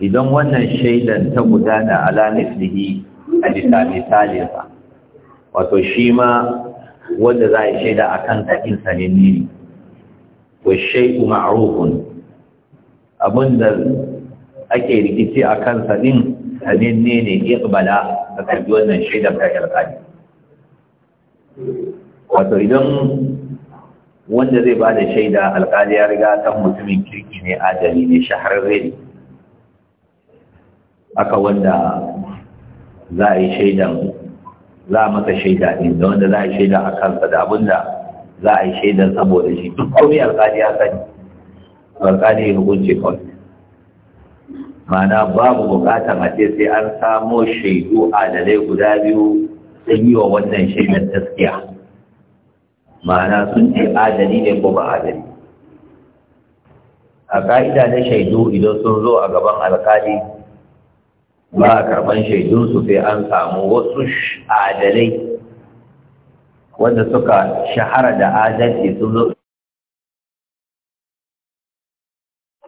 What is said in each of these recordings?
idan wannan shaidan ta gudana ala mislihi a bisa misalinsa wato shi ma wanda za a yi shaida a kan tsakin sanin ne to shaidu ma'arufun abinda ake rikici a kan sanin sananne ne iqbala ka karbi wannan shaidan ta yarda wato idan wanda zai ba da shaida alƙali ya riga kan mutumin kirki ne adali ne shahararre ne haka wanda za a yi shaidan za a maka shaida ne da wanda za a yi shaida a kansa da abin da za a yi shaidan saboda shi duk komai alƙali ya sani alƙali ya hukunce kawai mana babu bukatan a ce sai an samo shaidu adalai guda biyu sun yi wa wannan shaidan taskiya mana sun ce adali ne ko ba adali a ka'ida na shaidu idan sun zo a gaban alƙali. ba a karɓan shaidunsu sai an samu wasu adalai wanda suka shahara da adalci sun zo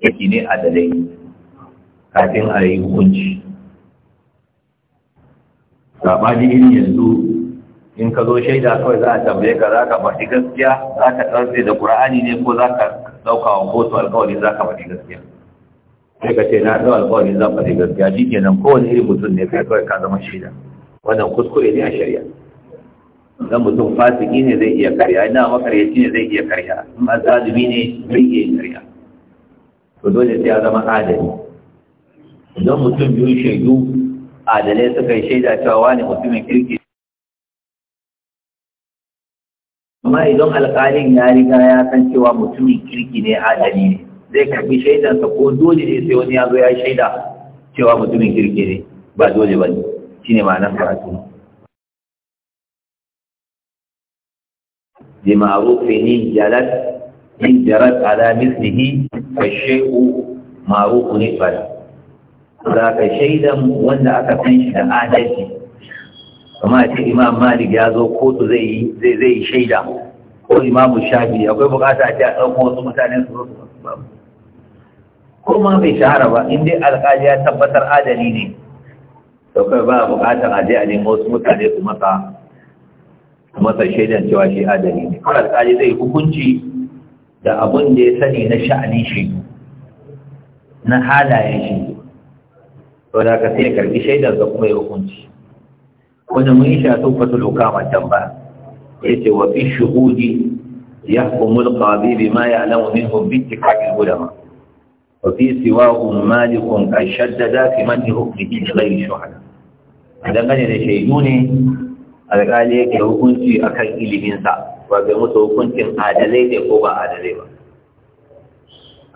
yake ne adalai kafin a yi hukunci saɓani irin yanzu in ka zo shaida kawai za a tambaye ka za ka faɗi gaskiya za ka tsarfe da ƙura'ani ne ko za ka ɗauka wa kotu alkawari za ka faɗi gaskiya sai ka ce na ɗau alƙawarin zan faɗi gaskiya shi nan kowane irin mutum ne kai kawai ka zama shaida wannan kuskure ne a shari'a dan mutum fasiki ne zai iya karya ina makaryaci ne zai iya karya in azalimi ne zai iya karya to dole sai ya zama adali idan mutum biyu shaidu adalai suka yi shaida cewa wani mutumin kirki amma idan alƙalin ya riga ya san cewa mutumin kirki ne adali ne zai karbi shaidansa ko dole ne sai wani ya zo ya shaida cewa mutumin kirki ne ba dole ba ne shi ne ma'anar karatu bi ma'rufin jalat in jarat ala mislihi fa shay'u ma'rufun ibada za ka shaidan wanda aka san shi da adalci kuma a ce imam malik ya zo kotu zai yi zai shaida ko imamu shafi akwai bukata a ce a ɗauko wasu mutane su zo su babu ko ma bai shahara ba in dai alƙali ya tabbatar adali ne to kai ba buƙatar a je a nemo wasu mutane su masa masa shaidan cewa shi adali ne kuma alƙali zai hukunci da abin da ya sani na sha'ani shi na halayen shi to da ka sai karbi shaidan ga kuma ya hukunci wanda mun yi shatu fatul hukama can ba yace wa fi shuhudi yahkumul qadi bima ya'lamu minhum bi ittifaqil ulama وفي سواه مالك قد شدد في من حكمه لغير شهداء idan gane da shaidu ne alƙali yake hukunci a kan sa ba bai musu hukuncin adalai ne ko ba adalai ba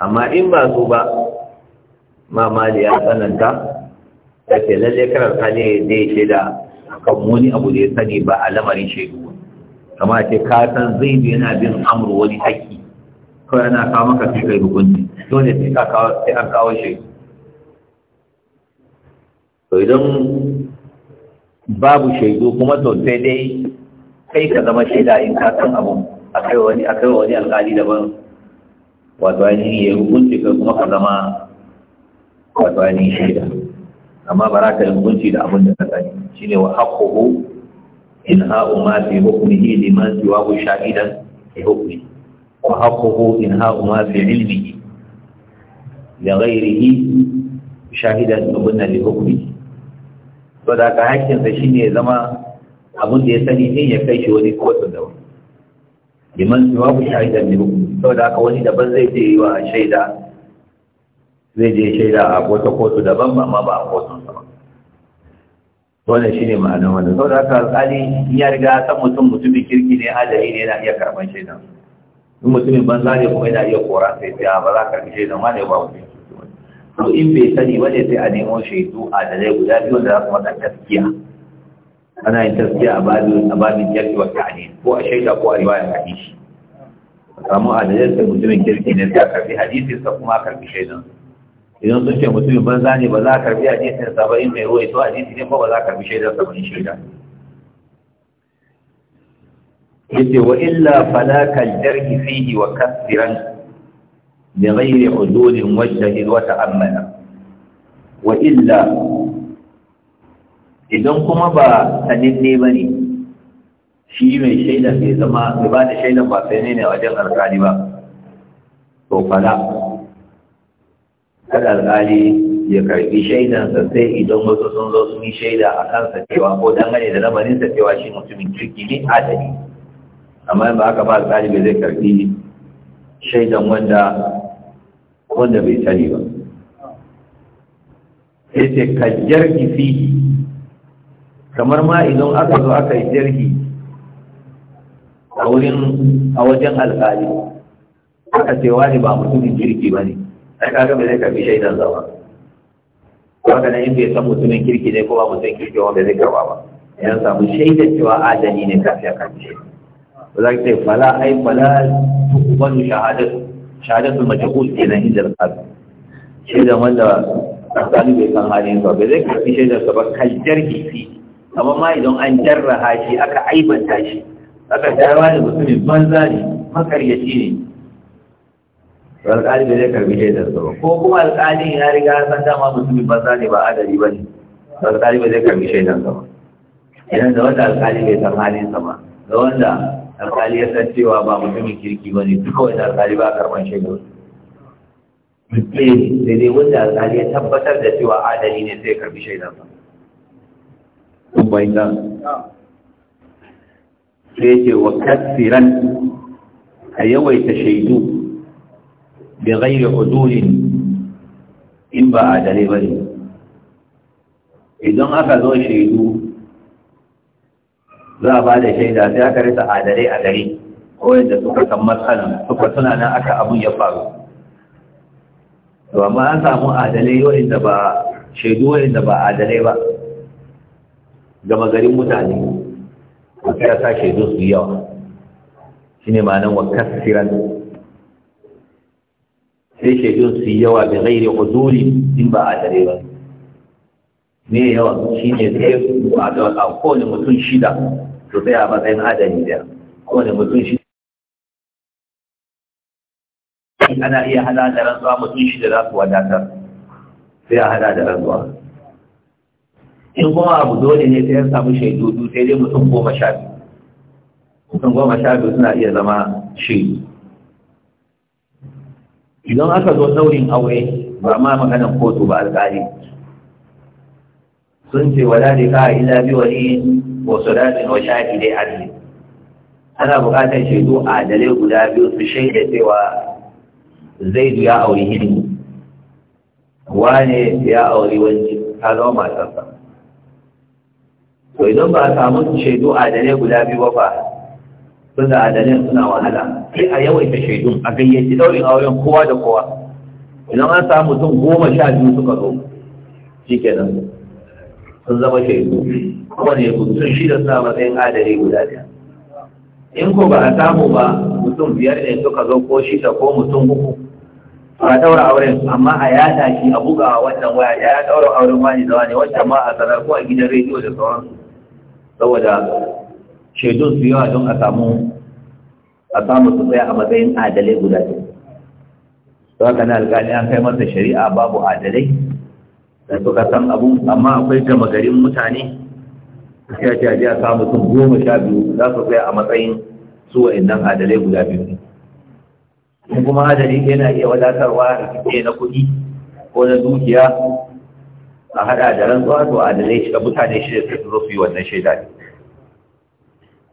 amma in ba su ba mamali ya tsananta da ke lalle karar kane zai shaida kan wani abu da ya sani ba a lamarin shaidu kama ce ka san zai bi na bin amur wani haƙƙi kawai ana kawo maka shi kai hukunci dole sai ka kawo sai an kawo shi to idan babu shaidu kuma to sai dai kai ka zama shaida in ka san abu akai wani akai wani alƙali daban wato ainihin ya hukunci kai kuma ka zama wato ainihin shaida amma ba za ka yi hukunci da abin da ka sani shine wa haqquhu in ha'u ma fi hukmihi liman siwahu shahidan fi hukmihi وحقه إنهاء ما في علمه لغيره شاهدا تبنى لحكمه فذاك حكم فشيني زما abun da ya sani ne ya kai shi wani kotun da wani liman suwa ku shahidan ne saboda haka wani daban zai je yi wa shaida zai je a wata kotu daban ba amma ba a kotun sa wannan shine ma'anar wannan saboda haka alƙali ya riga san mutum mutumin kirki ne adali ne yana iya karɓar shaidan su in mutumin ban ne kuma yana iya kora sai ta ba za ka karbi shaidan ma ne ba wani to in bai sani ba ne sai a nemo shaidu a da zai guda biyu da za su mata taskiya ana yin taskiya a babin a babin jarki wa ta'ani ko a shaida ko a riwayar hadisi samu a da zai sai mutumin kirki ne sai a karbi hadisin sa kuma a karbi shaidan idan sun ce mutumin ban zane ba za a karbi hadisin sa ba in mai ruwa ito hadisi ne ba za a karbi shaidan sa ba in shaida yace wa illa falaka kal jarhi fihi wa kasiran bi ghairi udulin wajhi wa ta'ammala wa illa idan kuma ba sananne bane shi mai shaida bai zama bai ba da shaida ba sai ne a wajen alƙali ba to fala kada alƙali ya karbi shaidansa sai idan wasu sun zo sun yi shaida a kansa cewa ko dangane da sa cewa shi mutumin kirki ne adali amma in ba aka ba ɗalibi zai karɓi shaidan wanda wanda bai sani ba sai ce ka jarki fi kamar ma idan aka zo aka yi jarki a wurin a wajen alƙali aka ce wani ba mutumin kirki ba ne Sai kaga bai zai karɓi shaidan zama haka na inda ya san mutumin kirki ne ko ba mutumin kirki wanda zai karɓa ba yan samu shaidan cewa adani ne kafin a karɓi shaidan ba za ki ce fala ai fala su mace shahadatu ke nan inda al shi da wanda tsakani bai san halin ba. bai zai karfi da su ba kaljar hifi amma ma idan an jarraha shi aka aibanta shi aka jarra da mutumin banza ne makaryaci ne alƙali bai zai shi da su ba ko kuma alƙali ya riga a san dama mutumin banza ne ba adali ba ne alƙali bai zai shi da su ba idan da wanda alƙali bai san halin sa ba da wanda alƙali ya san cewa ba mutumin kirki ba ne kawai da alƙali ba a karɓar shaidu mutum eh, sai dai wanda alƙali ya tabbatar da cewa adali ne sai karɓi shaidan ba Kuma ina. sai ce wa kasiran a yawaita shaidu bi ghairi udulin in ba adalai ba ne idan aka zo shaidu za a ba da shaida sai aka rasa adalai a ko wanda suka san matsala, suka suna nan aka abin ya faru to amma an samu adalai da ba shaidu da ba adalai ba gama garin mutane a sai sa shaidu su yawa shine manan wa kasiran sai shaidu su yawa bi ghairi huzuri in ba adalai ba ne yawa ne sai a kowane mutum shida su tsaya a matsayin adani daya kowane mutum shi ana iya hada da rantsuwa mutum shi da za su wadatar sai a hada da rantsuwa in kuma abu dole ne sai ya samu shaidu sai dai mutum goma sha biyu mutum goma sha biyu suna iya zama shi. idan aka zo saurin aure ba ma maganan kotu ba alƙali sun ce wala da ka ila biyu wani dadi sadatin wa dai adli ana buƙatar shaidu a dalil guda biyu su shaida cewa zaidu ya auri hindu wane ya auri wani ta zama matarsa to idan ba a samu shaidu a dalil guda biyu ba sun da adalin suna wahala sai a yawaita shaidun a gayyaci daurin auren kowa da kowa idan an samu mutum goma sha biyu suka zo shi kenan sun zama shaidu kowane mutum shida suna matsayin adari guda ɗaya in ko ba a samu ba mutum biyar ne suka zo ko shida ko mutum uku ba daura auren amma a yada shi a buga wannan waya ya daura auren wani da wani wacce ma a sanar ko a gidan rediyo da sauransu saboda shaidun su yawa don a samu a samu su tsaya a matsayin adalai guda ɗaya don haka na alƙali an kai masa shari'a babu adalai da suka san abu amma akwai gama garin mutane ya ce a je mutum goma sha biyu za su tsaya a matsayin su wa'annan adalai guda biyu in kuma adali yana iya wadatarwa da rikice na kuɗi ko na dukiya a haɗa da rantsuwa to adalai shi mutane shi da su zo su yi wannan shaida ne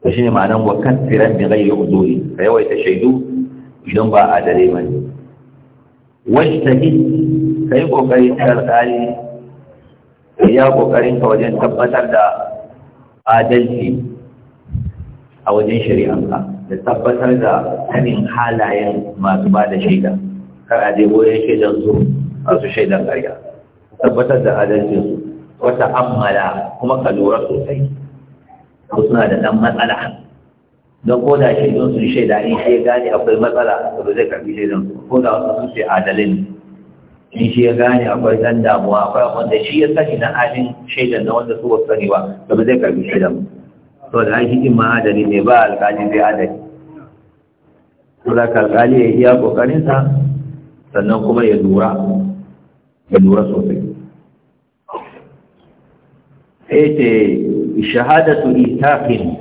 to shine ma'anan wa tsiran bi ghairi uduri ka yawaita shaidu idan ba adalai bane wajtahid kai kokari ta alƙali ya kokarin ka wajen tabbatar da adalci a wajen shari'anka da tabbatar da sanin halayen masu ba da shaida kar a je goyon shaidan su masu shaidan karya tabbatar da adalcin su wata ammala kuma ka lura sosai ko suna da ɗan matsala don ko da shaidun sun shaida in shi gane akwai matsala ba zai karɓi shaidan su ko da wasu sun ce adalin in shi ya gane akwai zan damuwa akwai wanda shi ya sani na halin shaidan na wanda su wasu sani ba da ba zai karbi shaidan to da an hikin ma adali ne ba alƙali zai adali da ka alƙali ya iya ƙoƙarinsa sannan kuma ya lura ya lura sosai sai ce shahadatu itaqin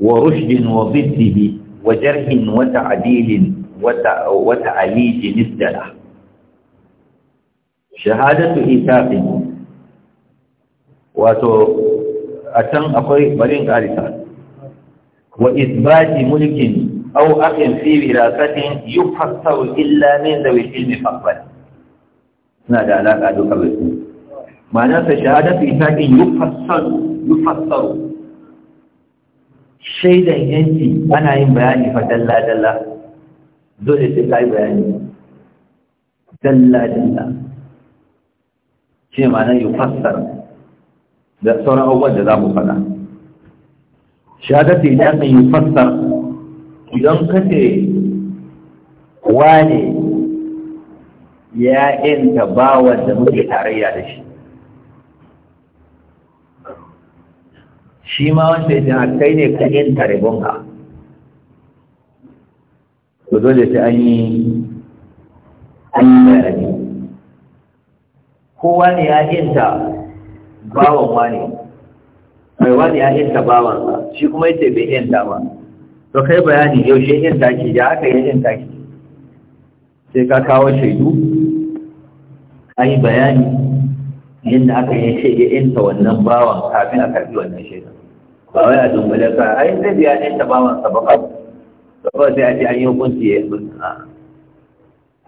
wa rushdin wa biddihi wa jarhin wa ta'dilin wa ta'aliji nisdala shahadatu isaqi wato a can akwai barin karisa wa isbati mulkin aw aqin fi wirasatin yufassaru illa min zawil ilmi faqat suna da alaka duka su. ma'ana sa shahadatu isaqin yufassaru yufassaru shaidan yanci ana yin bayani fa dalla dalla dole sai kai bayani dalla dalla shi ne nan yi fassara da sauran abubuwan da za mu faɗa shahadatu idan mai yi fassar idan ka ce wane 'ya'yanta yanta da muke tarayya da shi shi ma wanda ya kai ne ka yanta ribonka to dole sai an yi an yi kowa ne ya inta bawan wani mai wani ya bawan bawansa shi kuma yace bai yanta ba to kai bayani yaushe yanta ki Ya aka yi yanta ki sai ka kawo shaidu kai yi bayani yadda aka yi ya inta wannan bawan kafin a karbi wannan shaida ba wai a dumbule ka ai zai biya bawan bawansa ba ba sai a ce an yi hukunci ya yi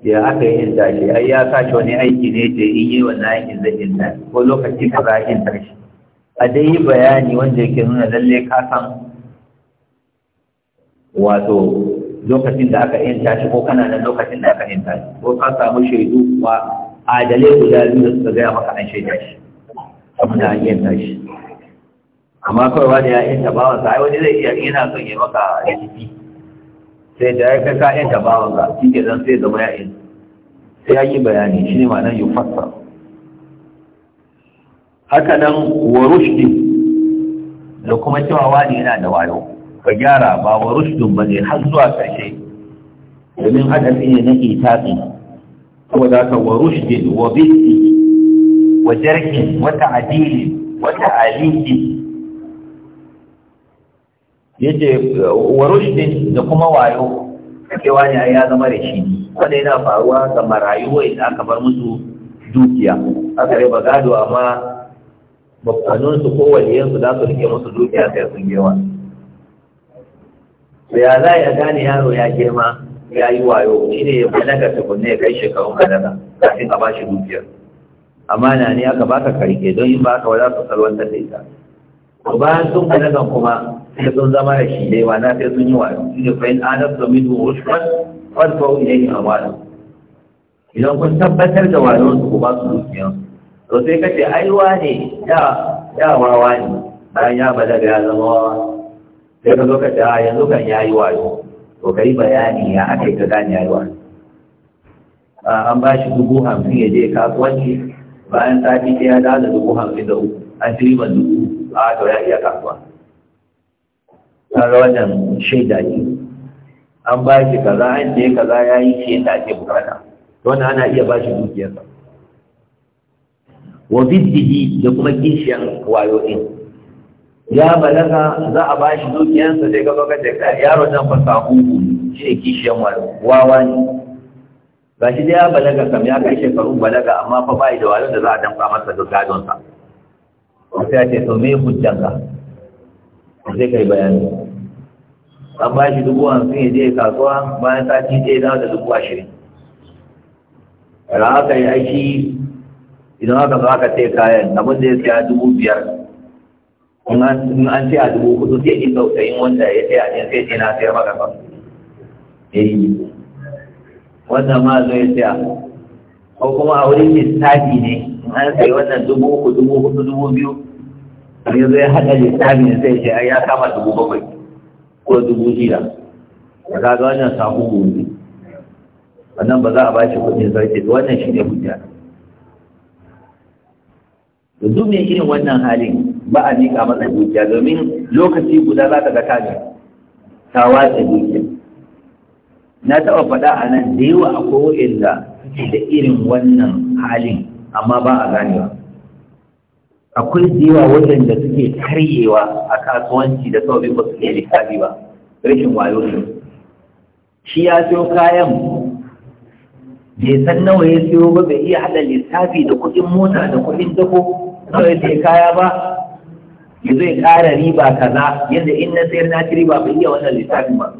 ya aka yi inda shi ai ya sa shi wani aiki ne da in yi wannan aikin zai inda ko lokaci ka za in tashi a dai yi bayani wanda yake nuna lalle ka san wato lokacin da aka yanta shi ko kana nan lokacin da aka yanta shi ko ka samu shaidu ba dalilin guda biyu da suka gaya maka an shaida shi amma da an yanta shi amma kawai wani ya yanta bawansa ai wani zai iya yana son ya maka rikici sai da ya kai ka'in ta bawan ka shi ke zan sai zama ya'in sai ya yi bayani shi ne ma'anar yi fassa haka nan wa rushdi da kuma cewa wani yana da wayo ka gyara ba wa rushdun ba ne har zuwa ƙarshe domin hadasi ne na itaƙi za ka wa rushdin wa bisti wa Jarki, wata ta'adili wata aliki. yace wa rushdin da kuma wayo cewa ne ya zama da shi wanda yana faruwa ga marayu idan aka bar musu dukiya aka riba gado amma babbanin su ko waliyan su za su rike musu dukiya sai sun yi da ya za ya gane yaro ya girma ya yi wayo shi ne ya balaga tukunne ya kai shekarun balaga kafin a bashi dukiyar amana ne aka baka karike don in ba ka za su salwantar da ita bayan sun balagan kuma sai sun zama da shi da yawa na sai sun yi wayo shi ne fa'in adab da min rushman ne a amwalu idan kun tabbatar da wayon su ku ba su dukiyan to sai kace ai wane da da wawa ne bayan ya balaga ya zama wawa sai ka zo ka ce a yanzu kan yi wayo to kai bayani ya ake ka gane yi wayo an ba shi dubu hamsin ya je kasuwanci bayan sati ɗaya da dubu hamsin da uku an ci riban dubu a to ya iya kasuwa kaga wannan shaida ne an ba shi kaza an ce kaza ya yi shi yadda ake bukata wannan ana iya ba shi dukiyarsa wa biddihi da kuma kishiyan wayo din ya balaga za a ba shi dukiyarsa da gaba ka jaka yaro nan fa sahuhu shi ne kishiyan wayo wawa ne ga shi dai ya balaga kam ya kai shekaru balaga amma fa bai da wayo da za a danka masa da gadonsa sai ya ce to me hujjanka sai kai bayani an ba shi dubu hamsin ya je kasuwa bayan sati ɗaya za da dubu ashirin da aka yi aiki idan aka zo aka sai kayan abin da ya siya dubu biyar in an sai a dubu hudu sai ji tsautsayin wanda ya sai a sai ce na sayar maka kan ya yi wannan ma zo ya siya ko kuma a wurin lissafi ne in an sai wannan dubu uku dubu hudu dubu biyu ya yanzu ya haɗa littafin sai ce ai ya kama dubu bakwai ko dubu shida za a ga wannan samu gobe wannan ba za a ba shi kuɗin sarki wannan shi ne hujja da duk mai irin wannan halin ba a miƙa masa dukiya domin lokaci guda za ka ga ta ta watsa dukiya na taɓa faɗa a nan da yawa akwai wa'inda da irin wannan halin amma ba a ganewa akwai jiwa da suke karyewa a kasuwanci da saurin ba su iya lissafi ba rashin wayo ne shi ya siyo kayan bai san nawa ya siyo ba bai iya haɗa lissafi da kuɗin mota da kuɗin dako nawa ya sai kaya ba ya zai ƙara riba kaza yadda in na sayar na ci riba bai iya wannan lissafi ba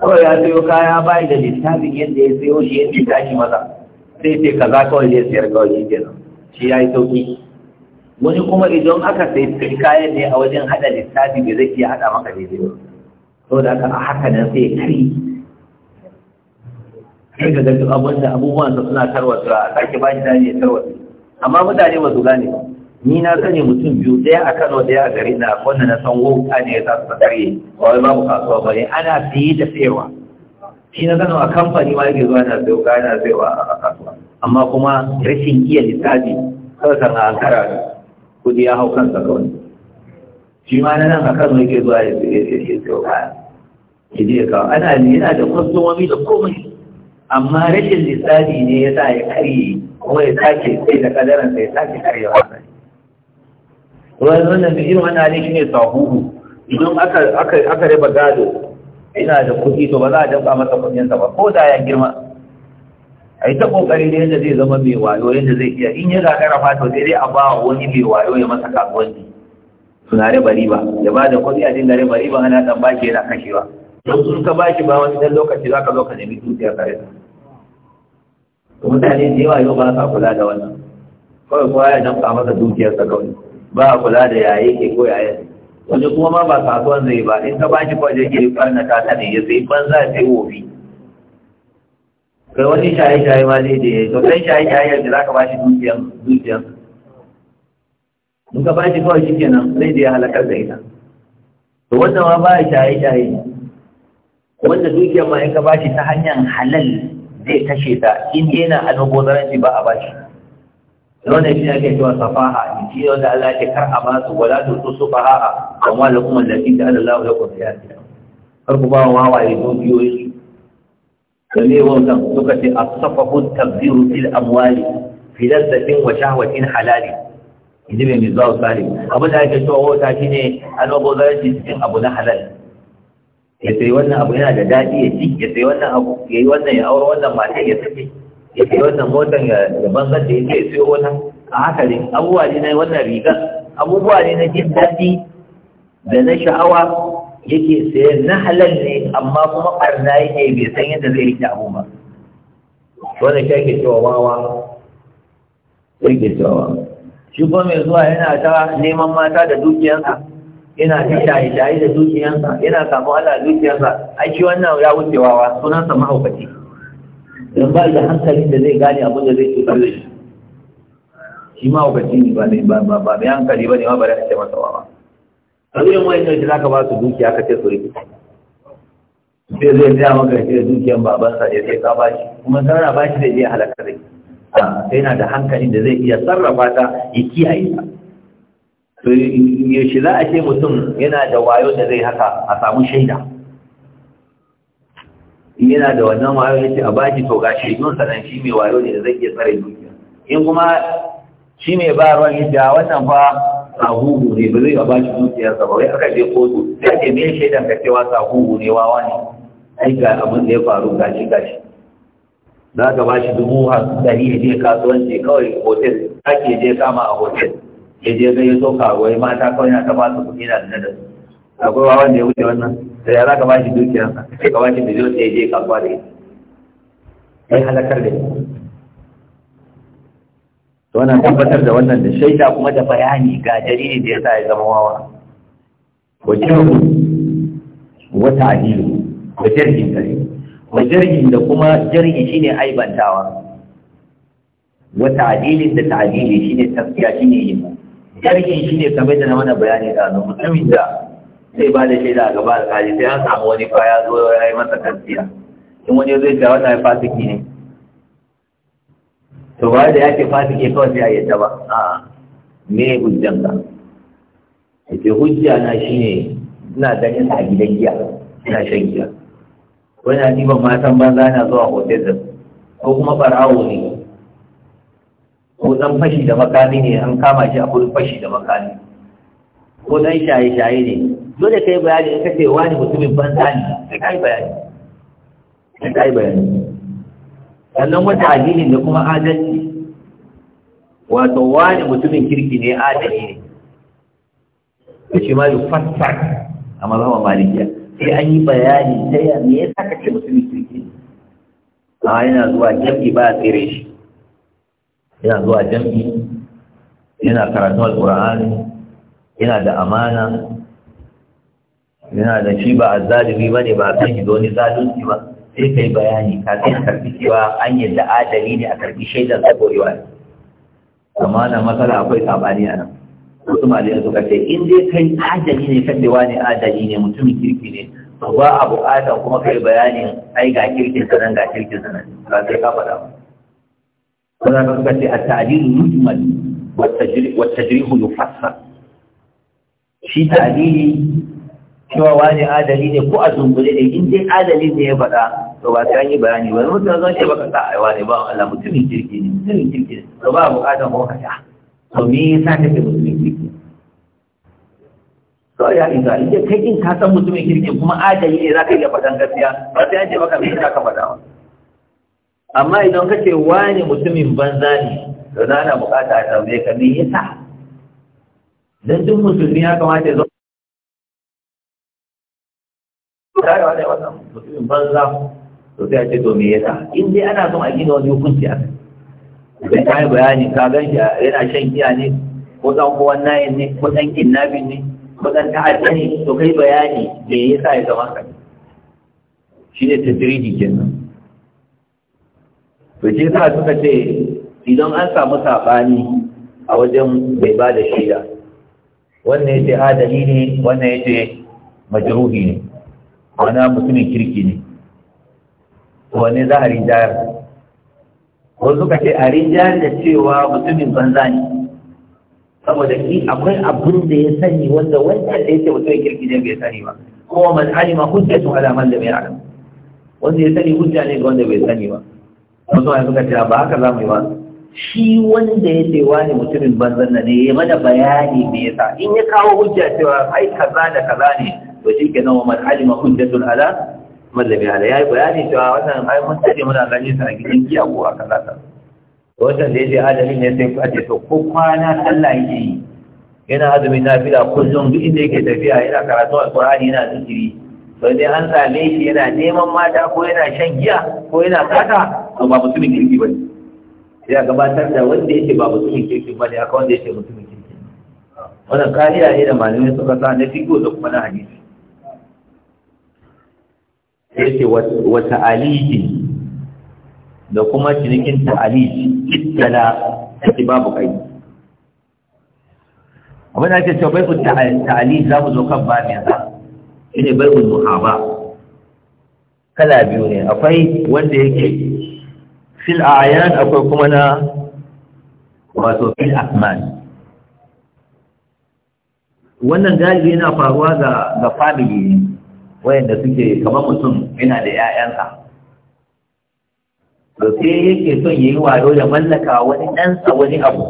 kawai ya siyo kaya ba da lissafin yadda ya siyo shi yadda ya tashi maza sai sai kaza kawai ya sayar kawai shi kenan shi ya yi sauki wani kuma idan aka sai kayan ne a wajen hada lissafi da zai iya hada maka daidai ba sau da aka haka nan sai kari sai ga gaji abin da abubuwan da suna tarwatsu a sake ba shi dani ya tarwatsu amma mutane ba su gane ba ni na sani mutum biyu ɗaya a kano ɗaya a gari na wanda na san wauta ne ya sa su tsare ba wai babu kasuwa ba ne ana fiye da sayarwa shi na a kamfani ma yake zuwa na sayo kaya na sayowa a kasuwa amma kuma rashin iya lissafi kawai san an kara kudi ya hau kansa kawai shi ma na nan a kano yake zuwa ya sayo kaya ya je kawo ana yana da kwastomomi da komai amma rashin lissafi ne ya sa ya karye kuma ya sake sai da kadaransa ya sake karyewa sai ruwan wannan da irin wannan shi ne sahuhu idan aka aka aka raba gado ina da kuɗi to ba za a daba masa sa ba ko da ya girma a yi ta kokari ne yadda zai zama mai wayo yadda zai iya in ya gagara fata sai dai a ba wani mai wayo ya masa kasuwanci suna bari riba ya ba da kuɗi a dinga riba riba ana dan baki yana kashewa don sun ka baki ba wani dan lokaci za ka zo ka nemi dukiyar kare to mutane da yawa yau ba sa kula da wannan kawai kowa ya damka masa dukiyar sa kawai ba a kula da yayi ke ko yaya wani kuma ma ba kasuwan zai ba in ka baki kawai zai ke karnata ta ne ya sai banza sai wofi kai wani shaye-shaye ma zai je to kai shaye-shaye yadda za ka ba shi dukiyan dukiyan in ka ba shi kawai shi kenan zai je ya halakar da ita to wannan ma ba shaye-shaye wanda dukiyan ma in ka ba shi ta hanyar halal zai kashe ta in dai na almubazaranci ba a ba shi wannan shi ake cewa safaha shi wanda Allah ke kar a su wala su safaha kamar lakum allati ta'ala Allahu ya fi kar ku ba wawaye dukiyoyin da wannan suka ce asafahun tabbiru fil amwali fi lazzatin wa shahwatin halali inji mai zuwa salim abin da ake cewa wauta shine an mabozarci cikin abu na halal ya sai wannan abu yana da daɗi ya ci ya sai wannan abu ya yi wannan ya aure wannan mata ya sake ya sai wannan motar ya banzan da ya ce ya sayo wannan a haka ne abubuwa ne na wannan rigar abubuwa ne na jin daɗi da na sha'awa yake saye na halal ne amma kuma ɓarna ne bai san yadda zai rike abu ba wanda shi ake cewa wawa yake cewa wawa shi kuma mai zuwa yana ta neman mata da dukiyansa yana ta shaye-shaye da dukiyansa yana samun ala dukiyansa ai shi wannan ya wuce wawa sunansa mahaukaci don ba da hankali da zai gane abin da zai cutar da shi shi mahaukaci ne ba Ba mai hankali ba ne ma ba da ce masa wawa a zuwa wani ne da ka ba su dukiya ka ce su rikici sai zai tsaya maka ce dukiyan babansa ya sai ka shi kuma ba bashi da iya halaka da ah, sai yana da hankalin da zai iya sarrafa ta ya kiyaye ta to yaushe za a ce mutum yana da wayo da zai haka a samu shaida yana da wannan wayo ya ce a baki to ga shaidun sanan shi mai wayo ne da zai iya tsare dukiya in kuma shi mai ba ruwan yadda wannan fa sahuhu ne ba zai ba bashi dukiyarsa ba wai aka je kotu sai ake me shaidan ka cewa sahuhu ne wawa ne ai ga abin da ya faru gashi gashi za ka bashi dubu ɗari ya je kasuwanci kawai hotel ake je kama a hotel ya je zai so karuwai mata kawai na ta ba su kuɗi na da su akwai wawan da ya wuce wannan da ya za ka bashi dukiyarsa sai ka bashi miliyon ɗaya je kasuwa da ita ai halakar da ita to wannan tabbatar da wannan da shaida kuma da bayani ga dalili da yasa ya zama wawa wajen wata adilu da jirgin kare wa jirgin da kuma jirgin shine aibantawa wa ta'dilin da shi shine tafiya shine yin jirgin shine kamar da na mana bayani da nan mutumin da sai ba da shaida gaba da kaji sai an samu wani fa ya zo ya yi masa tafiya in wani zai ga wata ya fasiki ne to ba da ya ce fasike kawai sai ayyata ba a me ka yake hujja na shine ina ganin a gidan giya ina shan giya wani na ban matan banza na zuwa hotel da ko kuma ɓarawo ne ko dan fashi da makami ne an kama shi a wurin fashi da makami ko dan shaye-shaye ne dole ka yi bayani in ka ce wani mutumin banza ne ka kai bayani kai bayani sannan wata addinin da kuma adalci wato wani mutumin kirki ne adali ne shi ma yi fassar a mazama malikiya sai an yi bayani ta yi me yasa saka ce mutumin kirki ne a yana zuwa jam'i ba a tsere shi yana zuwa jam'i yana karatun alqur'ani yana da amana yana da shi ba a bane ba a kan shi doni zalunci ba sai kai bayani kafin karbi cewa an yadda adali ne a karbi shaidar saboriwa ne. amma na matsala akwai sabani a nan wasu maliyar suka ce in dai kai adali ne kan dewa ne adali ne mutumin kirki ne to ba a buƙata kuma kai bayanin ai ga kirkin sanan ga kirkin sanan ba sai ka faɗa ba kuma ka suka ce a ta'adilu yujmal wa tajrihu yufassar shi ta'adili cewa wani adali ne ko a zumbule ne in dai adali ne ya faɗa to ba sai yi bayani wani mutum zan ce baka sa aiwa ne ba Allah mutumin kirki ne mutumin kirki ne to ba bukatar ko kasha to me yasa kake mutumin kirki to ya isa ita kai in ka san mutumin kirki kuma adali ne zaka iya faɗan gaskiya ba sai an ce maka me yasa ka fada ba amma idan kace wani mutumin banza ne to na na bukata a tambaye ka me yasa dan duk musulmi ya kamata ya zo da wannan mutumin banza to sai a ce to me yasa in dai ana son a gina wani hukunci a kai ta yi bayani ka gan shi yana shan giya ne ko dan kowan nayin ne ko dan kidnapping ne ko dan ta'addi ne to kai bayani me yasa ya zama ka shi ne tasiriji kenan to shi yasa suka ce idan an samu saɓani a wajen bai ba da shaida wannan ya ce adali ne wannan ya ce majruhi ne ma'ana mutumin kirki ne wani za a rinjayar ko suka ce a rijiyar da cewa mutumin banza ne saboda ki akwai abin da ya sani wanda wancan da yake mutumin kirki ne bai sani ba kuma man alima hujjatu ala man lam alam wanda ya sani hujja ne ga wanda bai sani ba wasu wani suka ce ba haka za mu yi ba shi wanda ya ce wani mutumin banza na ne ya mana bayani me yasa in ya kawo hujja cewa ai kaza da kaza ne to shi ke nan wa man alima tun ala mazabi ala ya yi bayani cewa wannan ai mun tsaye muna ganin sa a gidan giya ko a kaza kaza wannan da yake adami ne sai ku ace to ko kwana sallah yake yi yana azumi azumin fila kullum duk inda yake tafiya yana karatu alqur'ani yana zikiri to dai an same shi yana neman mata ko yana shan giya ko yana kata to ba mutumin kirki bane a gabatar da wanda yake ba mutumin kirki bane aka wanda yake mutumin kirki wannan kariya ne da malamai suka sa na fiqh da kuma na hadisi sai ce wata aliji da kuma cinikin ta aliji ittala ta ce babu kai abin da ake cewa bai kun ta aliji za mu zo kan ba mai za shi ne bai kun muhaba kala biyu ne akwai wanda yake fil ayan akwai kuma na wato fil asman wannan galibi yana faruwa ga family ne wayanda suke kamar mutum yana da 'ya'yansa to sai yake son yi wayo da mallaka wani ɗansa wani abu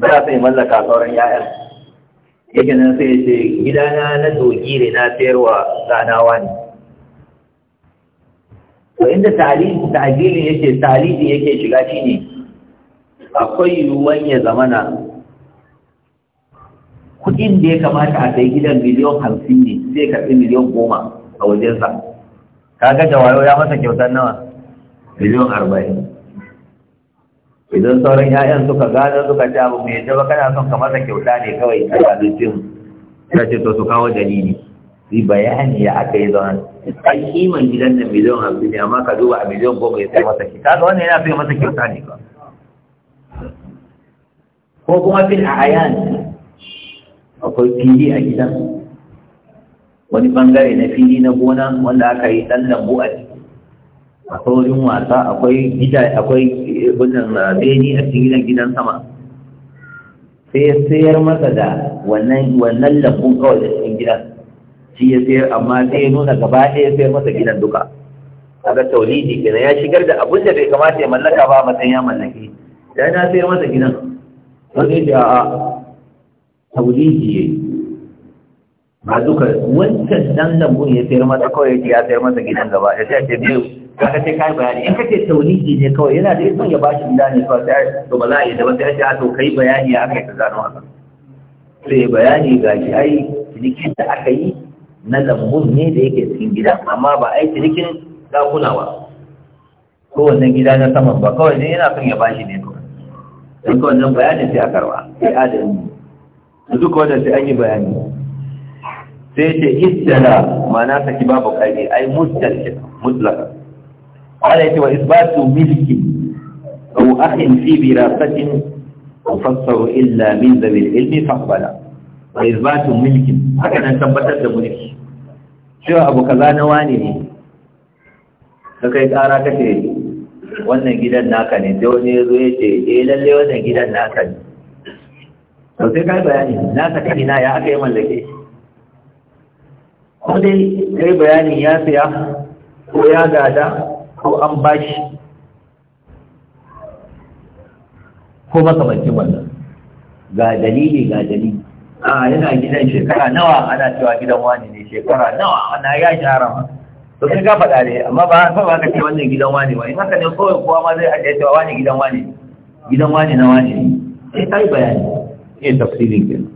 ba za sai mallaka sauran 'ya'yan yake nan sai ce gidana na dogi ne na sayarwa tsanawa ne to inda ta'ajili yake talili yake shiga shi ne, akwai yiwuwan ya zamana kuɗin da ya kamata a kai gidan miliyon hamsin ne zai karɓi miliyan goma a wajensa kaga da wayo ya masa kyautar nawa miliyan arba'in idan sauran 'ya'yan suka gada suka ci abu mai yadda ba kana son ka masa kyauta ne kawai a yalucin ta ce to su kawo dalili yi bayani ya aka yi zaune a kiman gidan da miliyan hamsin ne amma ka duba a miliyan goma ya sai masa kyauta ga wannan yana sai masa kyauta ne ba ko kuma fil a ayan akwai fili a gidan wani bangare na fili na gona wanda aka yi dan lambu a ciki akwai wurin wasa akwai gida akwai gudun eh, eh, beni a cikin gidan sama sai ya sayar masa da wannan lambun kawai da cikin gidan shi ya sayar amma sai ya nuna gaba ɗaya sayar masa gidan duka kaga taulidi gina ya shigar da abin da bai kamata ya mallaka ba matsayin ya mallaki ya na sayar masa gidan wani da taulidi yayi ba duka wancan dan lambun ya sayar masa kawai ya ya sayar masa gidan gaba ya sai ce biyu kaga sai kai bayani in ce tauhidi ne kawai yana da son ya bashi gida ne kawai sai to ba za a yi da ba sai ya to kai bayani ya aka yi ta zano haka sai bayani ga shi ai cinikin da aka yi na lambun ne da yake cikin gida amma ba ai cinikin dakuna ba wannan gida na saman ba kawai ne yana son ya bashi ne kawai don kawai nan bayanin sai a karba sai adalci duk wanda sai an yi bayani sai ce iddala ma'ana saki babu ƙarfi ai muddal mutlaka ala yace wa isbatu milki aw akhin fi birasatin tufassaru illa min dhabil ilmi faqbala wa isbatu milki haka nan tabbatar da mulki cewa abu kaza na wani ne ka kai tsara kace wannan gidan naka ne sai wani ya zo ya ce eh lalle wannan gidan naka ne Sau sai kai bayani na saka na ya aka yi mallake shi ko dai kai bayanin ya saya ko ya gada ko an bashi ko makamancin wannan ga dalili ga dalili a yana gidan shekara nawa ana cewa gidan wani ne shekara nawa ana ya shara ma to kai ka faɗa ne amma ba ba ba ka ce wannan gidan wani ba in haka ne kawai kowa ma zai ajiye cewa wani gidan wani gidan wani na wani ne sai kai bayani sai tafsirin kenan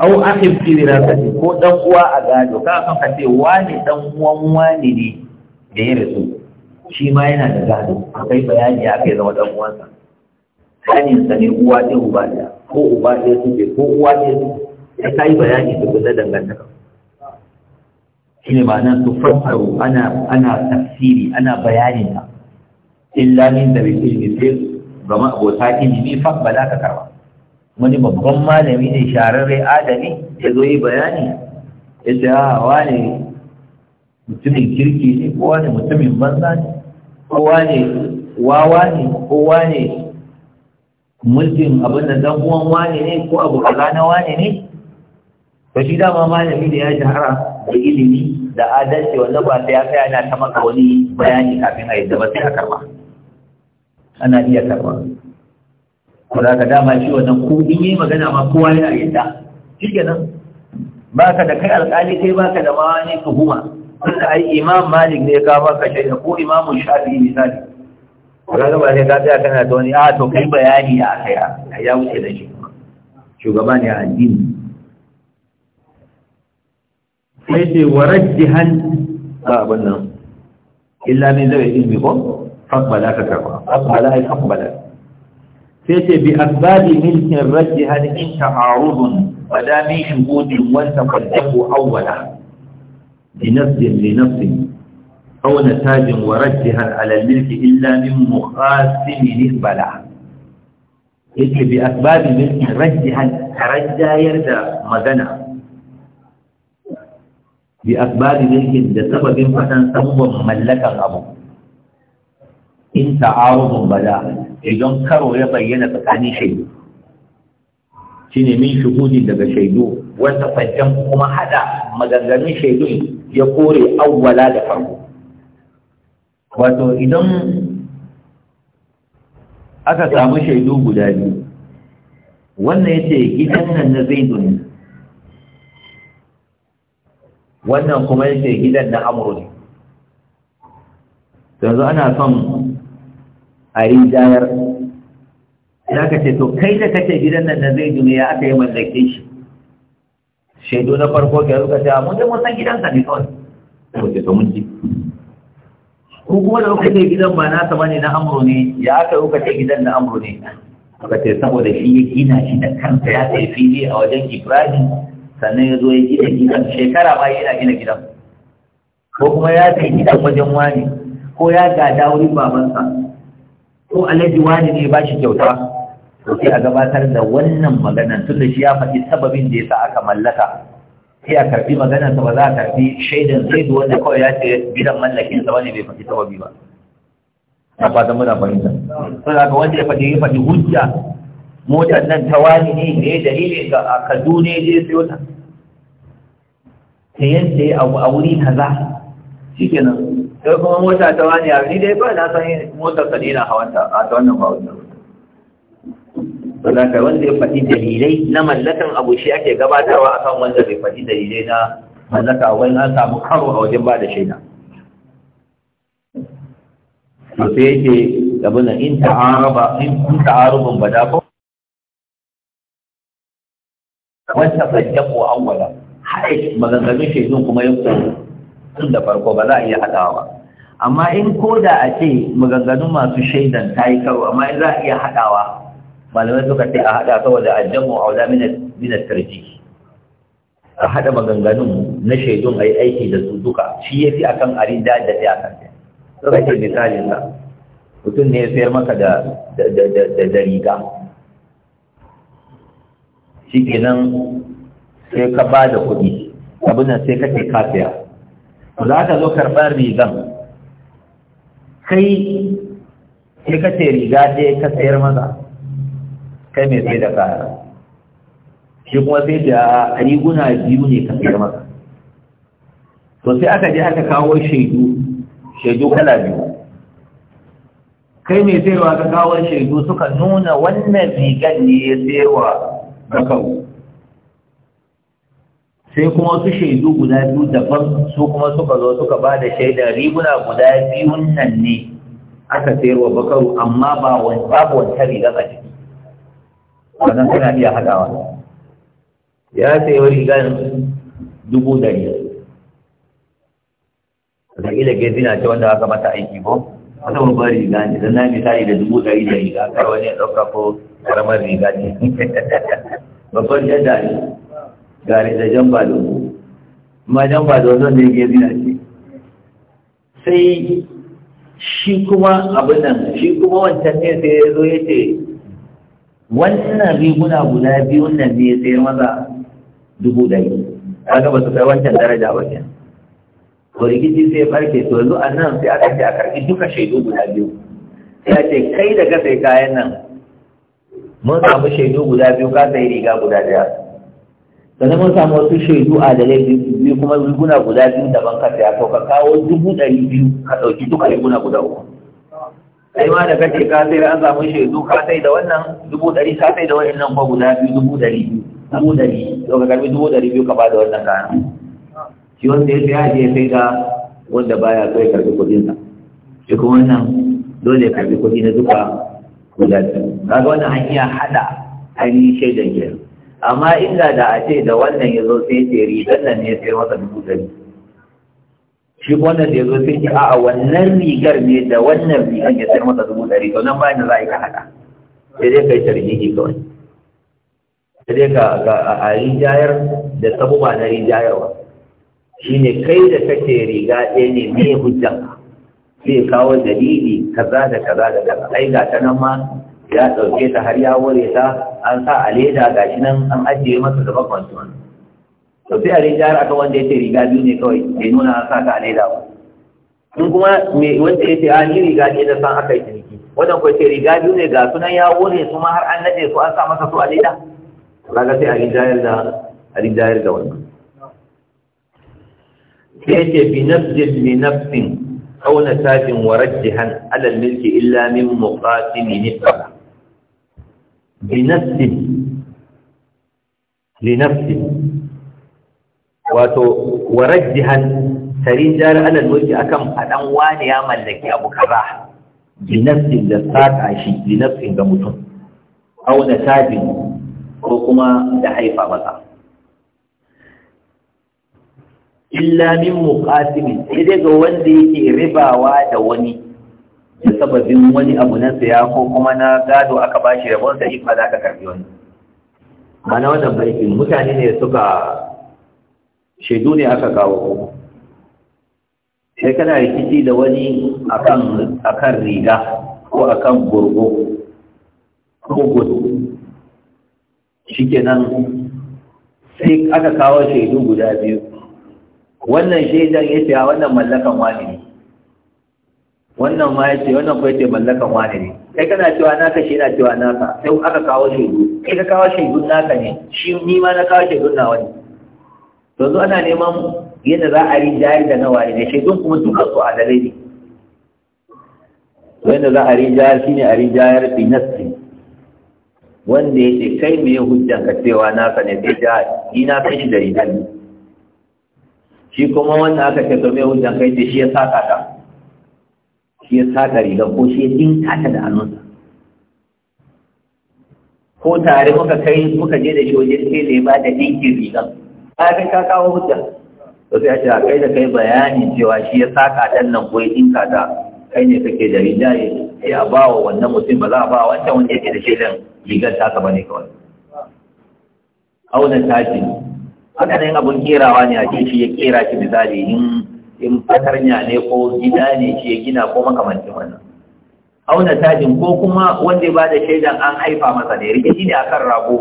au akhin fi wirasati ko dan uwa a gado ka san ka ce wani dan uwan wani ne da ya rasu shi ma yana da gado akwai bayani ya kai zama dan uwansa kanin sa ne uwa ce uba ɗaya ko uba su ke ko uwa ɗaya suke ya kai bayani su guda dangantaka shi ne ma'anar su fassaru ana ana tafsiri ana bayanin ta illa min da bai ilmi sai ga ma'abota ilimi fa ba za ka karba wani babban malami ne shararre adami ya zo yi bayani ya ce hawa ne mutumin kirki ne kowa ne mutumin banza ne kowa ne wawa ne kowa ne mulkin abin da dan uwan wane ne ko abu kaza na wane ne Ba shi dama malami ne ya shahara da ilimi da adalci wanda ba sai ya kai ana ta maka wani bayani kafin a yadda ba sai a karba ana iya karba ko ka dama shi wannan ko in yi magana ma kowa yana yadda shi nan. ba ka da kai alƙali kai ba ka da ma ne tuhuma wanda ai imam malik ne ka ba ka shaida ko imamun shafi misali ko za ka ka tsaya kana da wani a ah, to kai bayani ya kai a ya wuce da shi shugaba ne a addini sai ce wa rajjihan a abin nan illa ne zai ilmi ko fakbala ka karba fakbala ya fakbala sai ce bi asbabi milkin rajji hal in ta'arudun wa da min shuhudin wa taqaddamu awwala li nafsin li nafsin aw natajin wa rajjiha ala al-milki illa min muqasimin bala yake bi asbabi milkin rajji hal tarajjayar da magana bi asbabi milkin da sababin fadan sabuwar mallakan abu in ta'arudun bada idan karo ya bayyana tsakanin shaidu ne min shuhudi daga shaidu wata fajjan kuma hada maganganun shaidu ya kore awwala da farko wato idan aka samu shaidu guda biyu wannan yace gidan nan na zaidu ne wannan kuma yace gidan na amru ne yanzu ana son a rinjayar za ka ce to kai da kace gidan nan da zai ya aka yi mallake shi shaidu na farko ke ruka ce mun je mun san gidansa ne kawai ko ce to mun ji ko kuma da kuka ce gidan ba nasa bane na amro ne ya aka kuka ce gidan na amro ne ka ce saboda shi ya gina shi da kansa ya sai fili a wajen ibrahim sannan ya zo ya gina gidan shekara ba yana gina gidan ko kuma ya sai gidan wajen wani ko ya gada wurin babansa ko alhaji wani ne ba shi kyauta to sai a gabatar da wannan magana tunda shi ya faɗi sababin da ya sa aka mallaka sai a karɓi maganarsa sa ba za a karɓi shaidan zai da wanda kawai ya ce gidan mallakin sa wani bai faɗi sababi ba a fata muna fahimta sai Aka wanda ya faɗi ya faɗi hujja motar nan ta wani ne ne dalilin ga a kaduna ne sai wata ta yadda a wuri kaza shikenan sai kuma mota ta wani abu ni dai ba na san motar ka hawan ta, a ta wannan Ba da kai wanda ya faɗi dalilai na mallakan abu shi ake gabatarwa akan wanda bai faɗi dalilai na mallaka wani an samu karo a wajen ba da shaida to sai yake abin nan in ta'araba in kun ta'arubun ba da ko wata fajjaku awwala haɗe maganganun shaidun kuma ya tun da farko ba za a iya haɗawa ba amma in ko da a ce maganganun masu shaidan ta yi karo amma in za a iya haɗawa malamai suka ce a haɗa saboda mu a wada minar tarji a haɗa maganganun na shaidun a yi aiki da su duka shi ya fi akan a rinda da ya kan suka ce misalin sa mutum ne ya sayar maka da riga shi nan sai ka ba da kuɗi abin nan sai ka kake kafiya za ka zo karɓar rigan kai sai ka ce riga ce ka sayar maza kai mai sai da kara shi kuma sai da riguna biyu ne ka sayar maza to sai aka je aka kawo shaidu shaidu kala biyu kai mai sayarwa ka kawo shaidu suka nuna wannan rigan ne ya sayarwa ga kawo sai kuma su shaidu guda biyu daban su kuma suka zo suka ba da shaidar riguna guda biyun nan ne aka sayarwa bakaru amma ba babu wancan rigar a ciki wannan suna iya haɗawa ya sayi rigar dubu dari da ila gezina ce wanda aka mata aiki ko wata babbar riga ne don na misali da dubu dari da riga kar wani ya ɗauka ko karamar riga ne babban jadda ne gare da jan ba domin ma jan ba domin da yake zina ce sai shi kuma abin nan shi kuma wancan ne sai ya zo ya ce wannan riguna guda biyu nan ne sai maza dubu ɗari kaga ba su kai wancan daraja ba ke. rikici sai farke to yanzu a nan sai aka ce a karɓi duka shaidu guda biyu sai a ce kai da ka sai kayan nan mun samu shaidu guda biyu ka sai riga guda daya sannan mun samu wasu shaidu a da laifin biyu kuma riguna guda biyu daban ka saya to ka kawo dubu ɗari biyu ka ɗauki duka riguna guda uku kai ma da kace ka sai an samu shaidu ka sai da wannan dubu ɗari ka sai da wannan ba guda biyu dubu ɗari biyu dubu ɗari to ka karbi dubu ɗari biyu ka ba da wannan kayan shi wanda ya saya je sai ka wanda baya so ya karbi kuɗinsa shi kuma wannan dole ya karbi kuɗi na duka guda biyu kaga wannan an iya haɗa ainihin shaidan kenan amma inda da a ce da wannan ya zo sai ce rigar nan ne sai masa dubu dari shi wannan da ya zo sai ce a'a wannan rigar ne da wannan rigar ya sai masa dubu dari to nan bayan da za a yi ka haɗa sai dai kai tarihi kawai sai dai ka a rijayar da ba na rijayarwa shi ne kai da kake riga ɗaya ne mai hujjan sai kawo dalili kaza da kaza da kaza ai ga ta nan ma ya ɗauke ta har ya ware ta an sa a leda ga shi nan an ajiye masa gaba kwanci wani to sai a rinjayar aka wanda ya ce riga biyu ne kawai ya nuna an sa ta a leda ba in kuma wanda ya ce a ni riga ne da san aka yi ciniki wannan kuwa ce riga biyu ne ga sunan ya ware su ma har an naɗe su an sa masa su a leda kaga sai a rinjayar da a rinjayar da wannan sai ce bi nafsin bi nafsin auna tajin wa rajjihan alal milki illa min muqatimi nisbah binafsi linafsi wato warajjihan tarin jar alal mulki akan fadan wani ya mallaki abu kaza binafsi da saka shi binafsi ga mutum au da tabi ko kuma da haifa masa illa min muqatimin sai daga wanda yake ribawa da wani da sababin wani abu na saya ko kuma na gado aka bashi rabon sa in ba za ka karbi wani mana wannan bankin mutane ne suka shaidu ne aka kawo ko sai kana rikici da wani akan akan riga ko akan gurgo ko gudu shikenan sai aka kawo shaidu guda biyu wannan shaidan ya ce a wannan mallakan wani ne wannan ma yace wannan ko yace mallakan wani ne kai kana cewa naka shi yana cewa naka sai aka kawo shaidu kai ka kawo shaidu naka ne shi ni ma na kawo shaidu na wani zo ana neman yadda za a jari da nawa ne shaidun kuma duka su dare ne wanda za a rinjayar shi ne a rinjayar finasti wanda ya ce kai mai hujjan ka cewa naka ne sai ja ni na fi shi da idan shi kuma wannan aka ce to me hujjan kai ce shi ya saka ka shi ya saka riga ko shi ya dinka ta da hannunsa ko tare muka kai muka je da shi wajen sai da ya ba da dinkin riga ya kai ka kawo hujja to sai a ce a kai da kai bayanin cewa shi ya saka dan nan ko ya dinka ta kai ne kake da ya sai a ba wa wannan mutum ba za a ba wa wancan wanda yake da shaidan rigar taka bane kawai auna tashi haka ne abun kerawa ne a ce shi ya kera shi misali in in fatarnya ne ko gida ne shi ya gina ko makamancin wannan auna tajin ko kuma wanda ya bada shaidan an haifa masa ne shi ne akan rago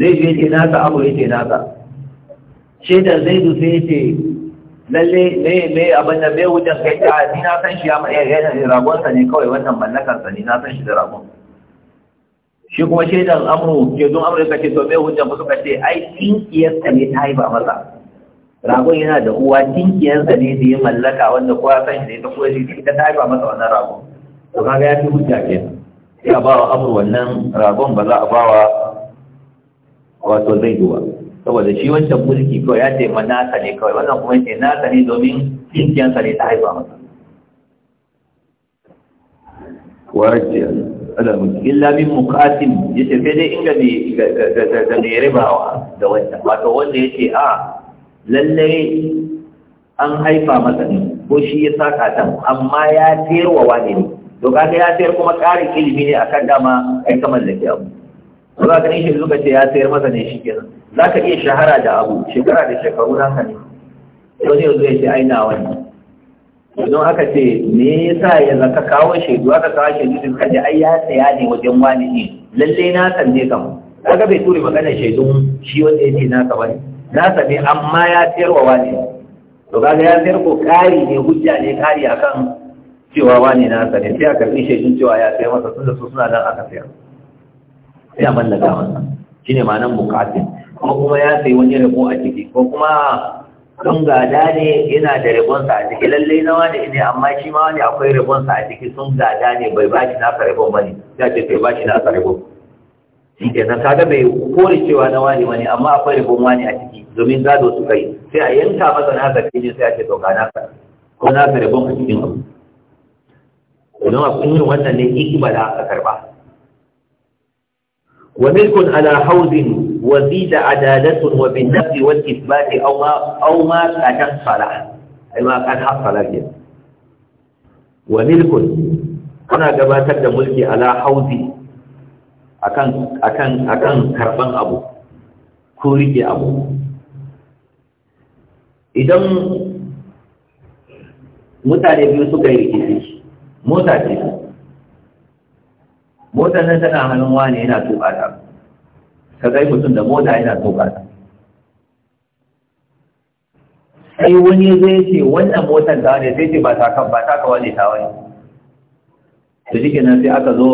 zai je ce nasa abu ya ce nasa shaidan zai du sai ce lalle ne me abin da me wujan kai ta ni na san shi ya eh, ragonsa ne kawai wannan mallakansa ne na san shi da ragon shi kuma shaidan amru ke don amurka ce to me wujan ba suka ce ai in iyasta ne ta haifa masa ragon yana da uwa tinkiyarsa ne da ya mallaka wanda kowa san shi da ita koyar shi ta tafa masa wannan ragon to kaga ya fi hujja ke ya ba bawa amur wannan ragon ba za a bawa wato zai duba saboda shi wancan mulki kawai ya ce nasa ne kawai wannan kuma ce nasa ne domin tinkiyarsa ne ta haifa masa warajiyar illa min muqatim yace sai dai inga da ga da da da da da da wato wanda yace a ah, lallai an haifa masa ne ko shi ya saka katan amma ya tayarwa wane ne to kaga ya tayar kuma ƙarin ilimi ne akan dama ai ka mallaki abu ba za ka ne shi ce ya tayar masa ne shi kenan za ka iya shahara da abu shekara da shekaru na ne to ne zai ce ai aina wani don aka ce me yasa ya zaka kawo shaidu aka kawo shaidu din kaje ai ya saya ne wajen wani ne Lallai na san ne kam kaga bai ture magana shaidun shi wanda yake ka bane Na sami amma ya wa wani to kaga ya sayar ko kari ne hujja ne kari akan cewa wani na ne sai a karbi shaidun cewa ya sayar masa tunda su suna nan aka sayar sai a mallaka masa shine ma'anar bukatin ko kuma ya sayi wani rabo a ciki ko kuma don gada ne yana da rabonsa a ciki lallai na wani ne amma shi ma wani akwai rabonsa a ciki sun gada ne bai ba shi nasa rabon ba ne ya ce bai ba shi nasa rabon shi ke nan kaga bai kore cewa na wani wani amma akwai rabon wani a ciki domin gado suka yi sai a yanka masa na zaki ne sai ake sauka na ko na fara rabon a cikin abu idan a kunyar wannan ne ikimala a karba وملك على حوض وزيد عدالة وبالنفي والإثبات أو ما أو ما قد صلح أي ما قد حصل به وملك Kana gabatar da mulki ala hauzi akan akan akan karban abu ko rike abu idan mutane biyu suka yi rikici mota ce mota nan tana hannun wani yana tuka ta ka gai mutum da mota yana tuka ta sai wani zai ce wannan motar da wani zai ce ba ta kan ba ta kawo ne ta wani to shi kenan sai aka zo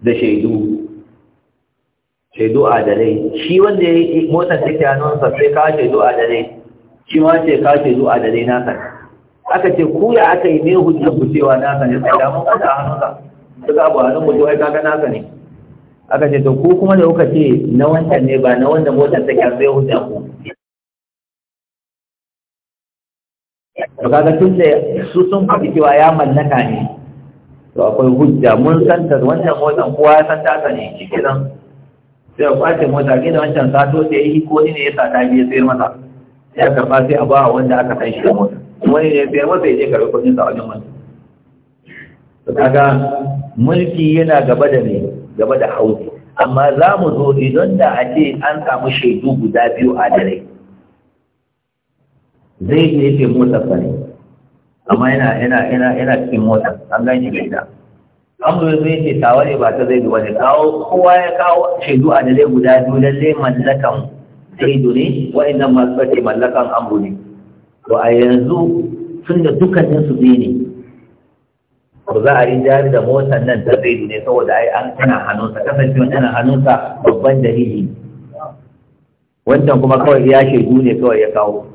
da shaidu shaidu adalai shi wanda ya yi motar ke hannunsa sai kawo shaidu adalai shi ma ce ka ce zuwa da dai naka aka ce ku ya aka yi ne hujjar ku cewa naka ne sai da mun kada hannunka duk abu nan mu wai kaga naka ne aka ce to ku kuma da kuka ce na wancan ne ba na wanda motar take sai hujjar ku to kaga tun da su sun faɗi cewa ya mallaka ne to akwai hujja mun san ta wannan motar kowa ya san ta ne shi kenan sai ya kwace mota kina wancan sato da yi ko ne ya ta biye sai masa ya kama sai a ba wanda aka san shi da mota wani ne sai masa ya je karɓi kuɗin sa wajen wani to kaga mulki yana gaba da ne gaba da hauzi amma za mu zo idan da a ce an samu shaidu guda biyu a dare zai ne ce motar sa ne amma yana yana yana yana cikin motar an gan shi gida amuru zai ce tawa ne ba ta zai duba ne kawo kowa ya kawo shaidu a dare guda biyu lallai mallakan zaidu ne wa'annan masu kace mallakan ambu ne to a yanzu sun da dukkanin su biyu ne ko za a yi jari da motar nan ta zaidu ne saboda ai an tana hannunsa kasancewa tana hannunsa babban dalili wancan kuma kawai ya shaidu ne kawai ya kawo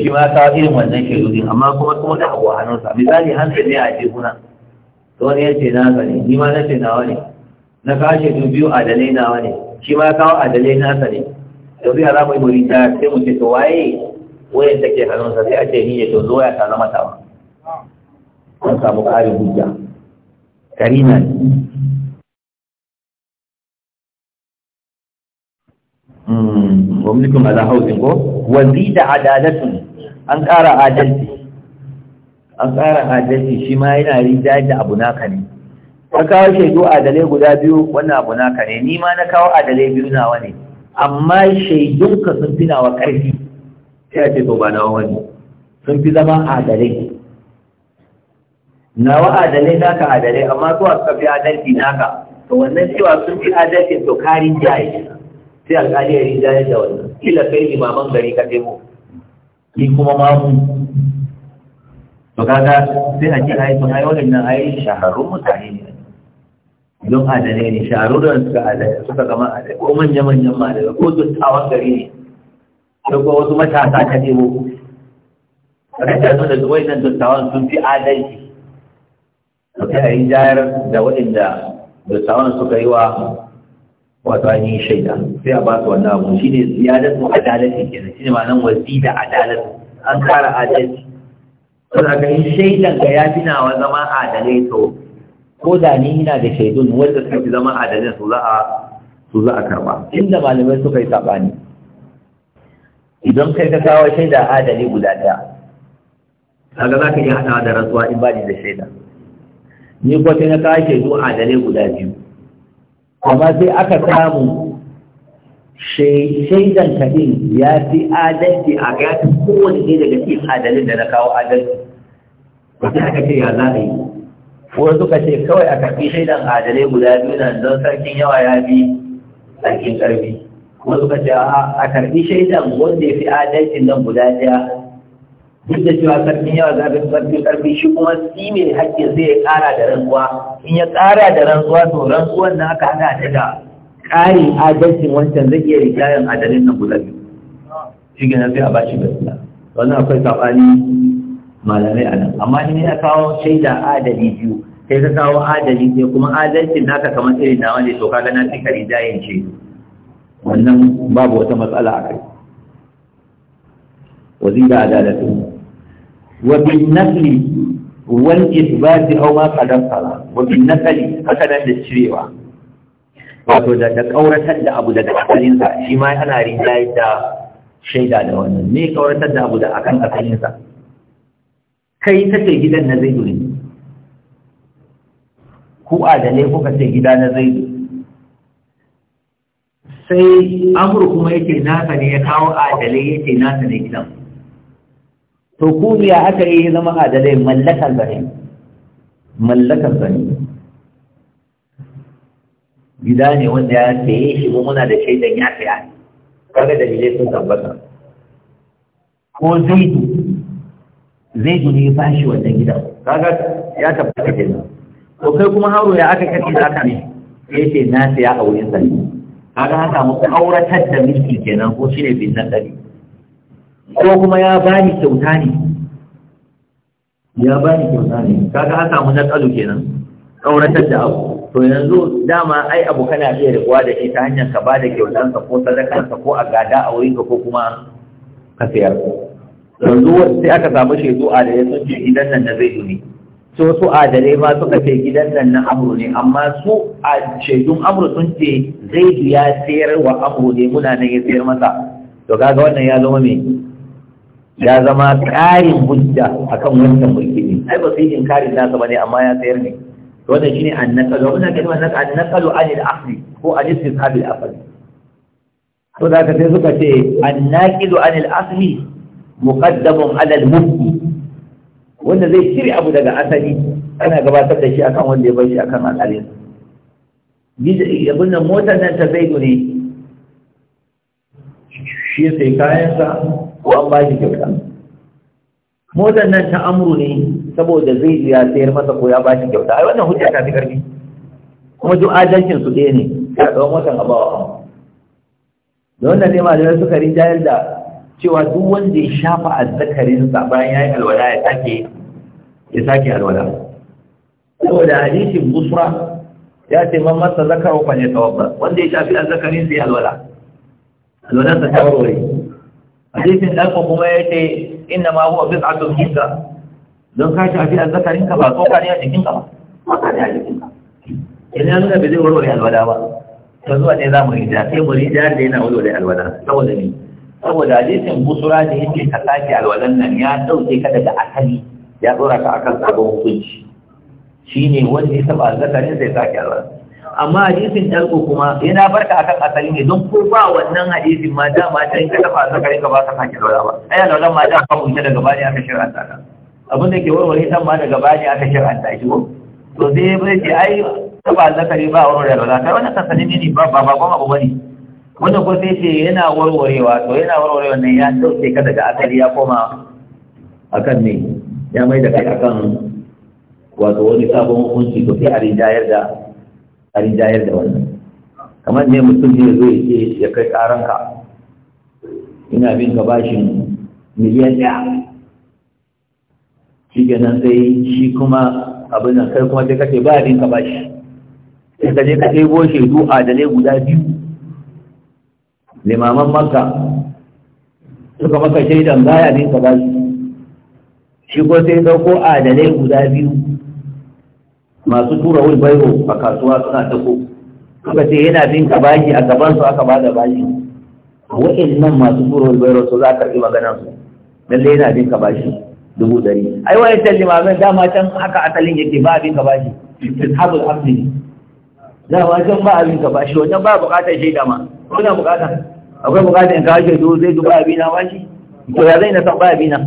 shi ma ta irin wannan shaidodin amma kuma kuma da abu a hannunsa misali hansa ne a jihuna to wani yace na ka ne ni ma na ce nawa ne na kawo shaidu biyu adalai nawa ne shi ma kawo adalai nasa ne yanzu ya za mu yi mu sai mu ce to waye wayan take hannunsa sai a ce ni ya to zo ya ta mata. tawa an samu ƙarin hujja karina ne hmm, gwamnatin ala hausin ko da adalatun an ƙara adalci an ƙara adalci shi ma yana rida da abu naka ne ka kawo shaidu adalai guda biyu wannan abu naka ne ni ma na kawo adalai biyu nawa ne amma shaidunka sun fi nawa ƙarfi sai a ce to ba nawa wani sun fi zama adalai nawa adalai naka adalai amma zuwa suka fi adalci naka to wannan cewa sun fi adalci to karin jaye sai alƙali ya jaye da wannan kila kai limaman gari ka taimo ni kuma mu to kaga sai a ce ai to ai wannan ai shahararrun mutane ne don adane ne shahararren suka adane suka gama adane ko manya-manyan malaka ko dattawan gari ne da kuma wasu matasa ta nemo ta zo da zuwa nan dattawan sun fi adalci da ta a yi jayar da waɗanda dattawan suka yi wa wato yi shaida sai a ba su wani abu shi ne ziyadatu adalati kenan shi ne ma'anar wasi da adalci an kara adalci saboda ka yi shaidan ga ya fi wa zama adalai to ko da ni ina da shaidun wanda suka fi zama adalin su za a su za a karba inda malamai suka yi sabani idan kai ka kawo shaida adali guda daya kaga za ka iya hadawa da rantsuwa in ba ni da shaida ni ko sai na kawo shaidu adalai guda biyu amma sai aka samu shaidan kaɗin ya fi adalci a gafin kowane ne daga cikin adalin da na kawo adalci ba sai aka ce ya za a yi ko suka ce kawai a karfi shaidan adalai guda biyu nan don sarkin yawa ya bi sarkin karfi. kuma suka ce a karfi shaidan wanda ya fi adalci nan guda biya. duk da cewa sarkin yawa za fi sarkin karfi shi kuma si me haƙƙin zai ya ƙara da rantsuwa in ya ƙara da rantsuwa to rantsuwan na aka haɗa ta da ƙarin adalcin wancan zai iya rikayen adalin nan guda biyu shi gina sai a bashi gaskiya wannan akwai sabani malamai a nan amma ni ya kawo shaida adali biyu sai ka kawo adali biyu kuma adalcin naka kamar irin na wani to kaga na tsika dayin ce wannan babu wata matsala a kai wazira adalatu wa bin nasli wal isbat aw ma qadam sala wa bin nasli haka da cirewa wato da da kauratar da abu daga asalin sa shi ma yana rijayi da shaida da wannan ne kauratar da abu da akan asalin sa kai ta ce gidan na zaidu ne ku adalai kuka ce gida na zaidu sai amur kuma yake nasa ne ya kawo adalai yake nasa ne gidan to ku biya aka yi zama adalai mallakar bane mallakar bane gida ne wanda ya saye shi muna da shaidan ya saya kaga dalilai sun tabbata ko zaidu ji ne ba shi wannan gidan kaga ya tabbata kenan to kai kuma haro ya aka kace ka ne yace na siya a wurin sa kaga haka mu auratar da miki kenan ko shine bin nan dare ko kuma ya bani kyauta ne ya bani kyauta ne kaga mu na natsalu kenan auratar da abu to yanzu dama ai abu kana iya rikuwa da shi ta hanyar ka bada kyautansa ko sadakarsa ko a gada a wurinka ko kuma ka sayar yanzu sai aka samu shaidu a da ya sun ce gidan nan na zai ne so su adalai ma suka ce gidan nan na amru ne amma su a shaidun amru sun ce zai ya sayar wa amru ne muna nan ya sayar masa to kaga wannan ya zama me ya zama karin hujja akan wannan mulki ne ai ba su yi inkarin nasa bane amma ya sayar ne to wannan shine annaqalu wannan kalmar naka annaqalu anil akhli ko anil tisab al to da ka sai suka ce annaqilu anil asli muqaddamun alal mufti wanda zai cire abu daga asali ana gabatar da shi akan wanda ya bar shi akan al'alin abin nan motar nan ta zai ne shi sai kayansa ko an ba shi kyauta motar nan ta amru ne saboda zaidu ya sayar masa ko ya ba shi kyauta ai wannan hujja ta fi karfi kuma duk adalcin su ɗaya ne ya ɗau motar a bawa da wannan ne da suka rinjayar da cewa duk wanda ya shafa azzakarinsa bayan ya yi alwala ya sake ya sake alwala saboda hadisin busra ya ce man masa zakaru fa ne tawabba wanda ya shafi azzakarinsa ya alwala alwalansa ta warware hadisin dalko kuma ya ce inna ma huwa bid'atun hisa don ka shafi ka ba ka ne a jikinka ba ka ne a jikinka idan nuna bai zai warware alwala ba ta zuwa ne za mu rija sai mu rija da yana warware alwala saboda ne saboda hadisin busura da yake ka sake alwalan nan ya dauke ka daga asali ya tsora ka akan sabon hukunci Shi ne wanda ya taba zakarin zai sake alwalan amma hadisin dalko kuma yana barka akan asali ne don ko ba wannan hadisin ma da ma ta ka taba zakarin ka ba ka sake alwala ba ai alwalan ma da ka hukunta daga bani aka shiranta ka abin da ke warware dan ma daga bani aka ta shi ko to sai bai ce ai taba zakari ba wurin da alwala kai wannan kasani ne ba ba ba ba ba bane wanda ko sai ce yana warwarewa to yana warwarewa ne ya dauke ka daga asali ya koma akan ne ya mai da kai akan wato wani sabon hukunci to sai a rinjayar da a rinjayar da wannan kamar ne mutum ne zo ya ce ya kai ka ina bin ka bashin miliyan ɗaya shi kenan sai shi kuma abin nan kai kuma sai kace ba bin ka bashi sai ka je ka ɗebo da adalai guda biyu limaman maka, suka maka shaidan baya ne ka bashi shi ko sai dauko adalai guda biyu masu tura wai bairo a kasuwa suna tako suka ce yana bin ka bashi a gaban su aka bada bashi nan masu tura wai bairo su za ka karɓi magana su lalle yana bin ka bashi dubu dari. ai wa'in talli ma dama can haka asalin yake ba abin ka bashi habul hamdi dama can ba abin ka bashi wajen ba buƙatar shaida ma kuna buƙatar akwai bukatun ka kashe to zai duba abina bashi to ya zai na san ba abina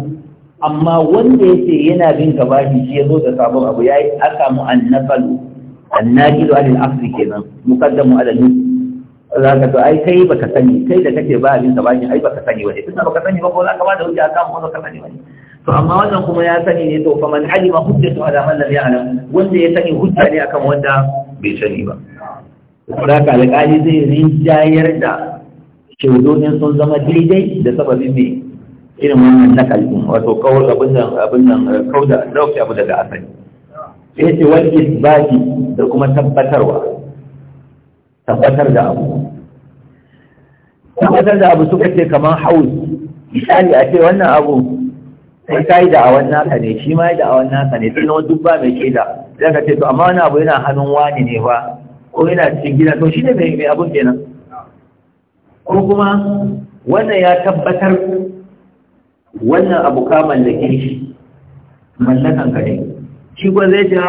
amma wanda ya ce yana bin ka bashi shi ya zo da sabon abu ya yi aka mu annafalu annajilu alil afri kenan mukaddamu alal za ka to ai kai baka sani kai da kake ba abin ka bashi ai baka sani wani tunda baka sani ba ko za ka ba da wuce aka mu ka sani wani to amma wannan kuma ya sani ne to faman alima hujjatu ala man lam ya'lam wanda ya sani hujja ne akan wanda bai sani ba saboda alƙali zai rinjayar da shaidu sun zama daidai da sababin mai irin wannan nakalin wato kawar abin nan abin nan kawar da dauke abu daga asali sai ce wal isbati da kuma tabbatarwa tabbatar da abu tabbatar da abu suka ce kamar haus misali a ce wannan abu sai ka yi da'awar naka ne shi ma yi da'awar naka ne sai nawa duk ba mai ke da zaka ce to amma wani abu yana hannun wani ne ba ko yana cikin gida to shi ne mai abun kenan ko kuma wannan ya tabbatar wannan abu ka mallake shi mallakan ka ne shi kuma zai ce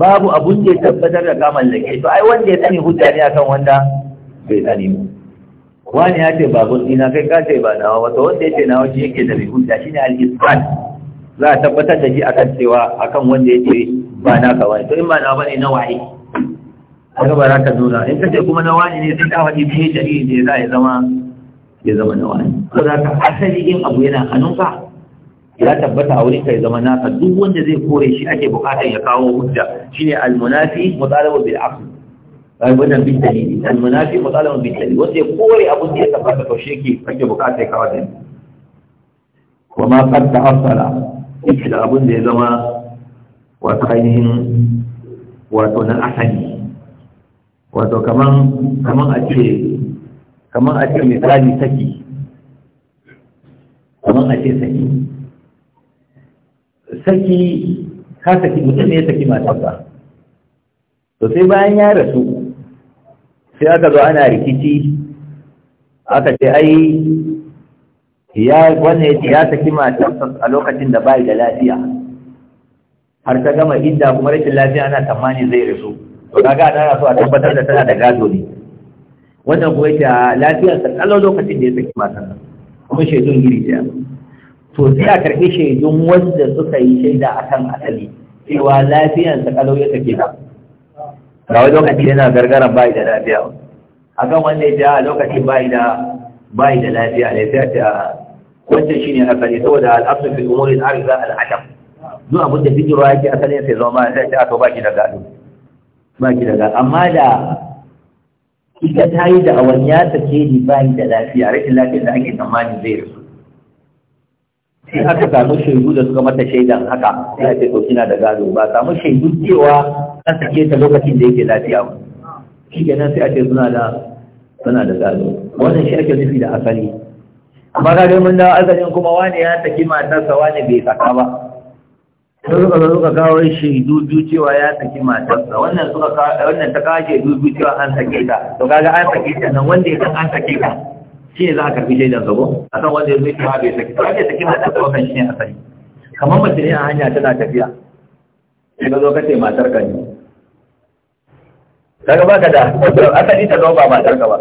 babu abun da ya tabbatar da ka mallake to ai wanda ya sani hujja ne akan wanda bai sani ba wani ya ce babu dina kai ka ce ba nawa wata wanda ya ce nawa shi yake da mai hujja shine al-isbat za a tabbatar da shi akan cewa akan wanda ya ce ba naka wani to in ba nawa bane na wahayi haka ba za ka zo in ce kuma na wani ne sai ka faɗi biye dalili ne za ya zama ya zama na wani ko za ka asali in abu yana hannunka ya tabbata a wurin ka ya zama naka duk wanda zai kore shi ake bukatar ya kawo hujja shine almunafi mutalabu bil aqli bai wannan bin dalili almunafi mutalabu bil dalili wanda ya kore abun da ya tabbata to shi yake ake bukatar ya kawo dalili kuma qad ta'assala asala, da abun da ya zama wato ainihin wato na asali wato kaman kaman a ce kaman a ce misali saki kaman a ce saki saki ka saki mutum ne ya saki matarsa to sai bayan ya rasu sai aka zo ana rikici aka ce ai ya wannan ya saki matarsa a lokacin da bai da lafiya har ta gama idda kuma rashin lafiya ana tsammani zai rasu to kaga ana so a tabbatar da tana da gado ne wannan kuma ita ah, lafiyar sa kallon lokacin da ya saki matan kuma shaidun giri ta to sai a karɓi shaidun wanda suka yi shaida akan asali cewa lafiyar sa kallon ya saki ta ga wani lokaci yana gargaran bai da lafiya akan wanda ya ah, lokacin bai da bai da lafiya ne sai ta ah, wancan shine asali saboda al'asu fi umuri al'arza al'adam duk abin da bijirwa yake asali sai zama sai ta to baki da gado ba ki daga amma da ita ta yi da awan ya sake ni ba ni da lafiya rashin lafiyar da ake tsammanin zai rasu sai aka samu shaidu da suka mata shaidan haka ya ce to kina da gado ba samu shaidu cewa an sake ta lokacin da yake lafiya ba shi kenan sai a ce suna da suna da gado wannan shi ake nufi da asali amma ga mun da asalin kuma wani ya saki matarsa wani bai saka ba sai suka zo suka kawo shaidu biyu cewa ya saki matarsa wannan suka wannan ta kawo shaidu biyu cewa an saki ta to kaga an saki ta nan wanda ya san an saki ta shi ne za ka karbi shaidan sabo kan wanda ya zo cewa bai saki ta bai saki matarsa ko kan shi ne asali kamar mace ne a hanya tana tafiya sai ka zo ka ce matar ka ne kaga ka da asali ta zo ba matar ka ba